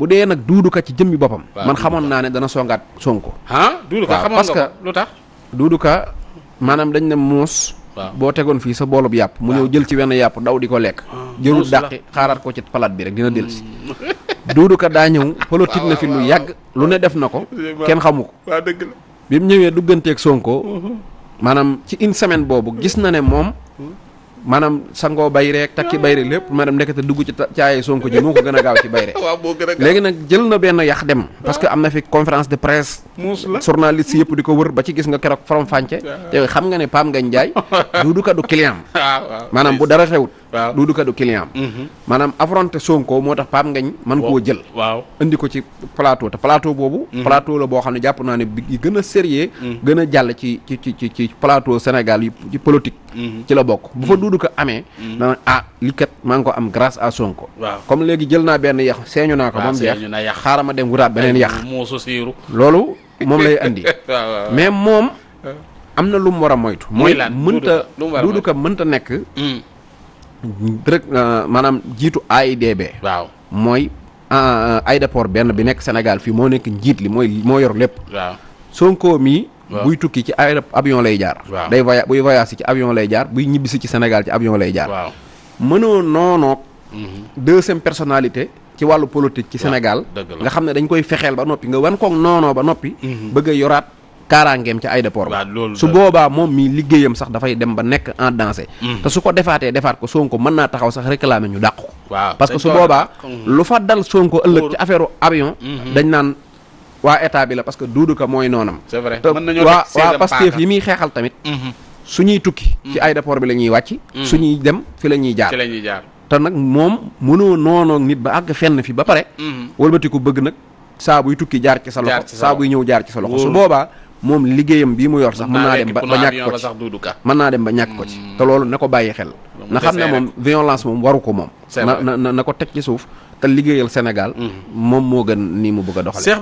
bu dee nag duudu ci ci bi boppam. man xamoon naa ne dana songaat Sonko. ah duudu ka xamoon lu tax duudu maanaam dañ ne muus. boo tegoon fii sa boolub yàpp. mu ñëw jël ci wenn yàpp daw di ko lekk. Ah, jëru dàqi xaaraat ko ci palaat bi rek dina del si. Hmm. duudu ka daa ñëw. politique na fi lu yàgg lu ne def na ko. kenn xamu ko. waaw dëgg bi mu ñëwee dugganteeg Sonko. Mhm. maanaam ci une semaine boobu gis na ne moom. Hmm. maanaam sangoo bay reek takki bay reek lépp maanaam ndekete dugg ci caaye sonko ji moo ko gën a gaaw ci bay reek léegi nag jël na benn yax dem ah. parce que am na fi conférence de presse journaliste yëpp di ko wër ba ci gis nga keroog forom fànce ah. te xam nga ne Pape Ngagne Ndiaye du du kadu client ah, maanaam bu dara xewut waaw Ka du client mhm. maanaam affronté Sonko moo tax Pape Ngagne man koo jël waaw indi ko ci palaato te plateau boobu mhm. plateau la boo xam ne jàpp naa ne bi gën a sérieux mhm. gën a jàll ci ci ci ci plateau Sénégal yi ci ci la bokk bu fa Doudou Ka amee dana ah li kat maa ngi ko am grâce à Sonko waaw comme léegi jël naa benn yax seeñu naa ko ba mu jeex xaaral ma dem wutaat beneen yax loolu moom lay andi mais moom am na lu mu war a moytu mooy mënta Doudou Ka mënta nekk mm. rek euh, maanaam jiitu AIDB. waaw mooy euh, euh, aéroport benn bi nekk Sénégal fii moo nekk njiit li mooy moo yor lépp. waaw Sonko mii. buy tukki ci aéro avion lay jaar. day voya buy voyage ci avion lay jaar buy ñibbisi ci Sénégal ci avion lay jaar. waaw mënoo noonoog. Mhm. deuxième personnalité. ci wàllu politique ci Sénégal. nga xam ne dañ koy fexeel ba noppi nga wan koog noonoo ba noppi. Mhm. bëgg yoraat. kaaraangeem ca aéroport ba su boobaa moom mii liggéeyam sax dafay dem ba nekk en danger mm. te su ko defaatee defaat ko Sonko mën naa taxaw sax réclamer ñu dàq ko parce su boobaa mm. lu fa dal Sonko ëllëg ci affaire avion mm-hmm. dañ naan waa état bi la parce que Doudou Ka mooy noonam c'est vrai waa waa Pastef yi muy xeexal tamit mm-hmm. su ñuy tukki ci mm. aéroport bi la ñuy wàcc su ñuy dem fi la jaar te nag moom mënoo noonoo nit ba àgg fenn fi ba pare mm-hmm. wëlbatiku bëgg nag saa buy sa loxo saa buy ñëw jaar ci sa loxo su moom liggéeyam bii mu yor sax mën naa dem ba ñàkk ko ci mën naa dem ba ñàkk ko ci mm. te loolu na ko bàyyi xel na xam ne moom violence moom waru ko moom na na na ko teg ci suuf te liggéeyal Sénégal mm. moom moo gën nii mu bëgg a doxale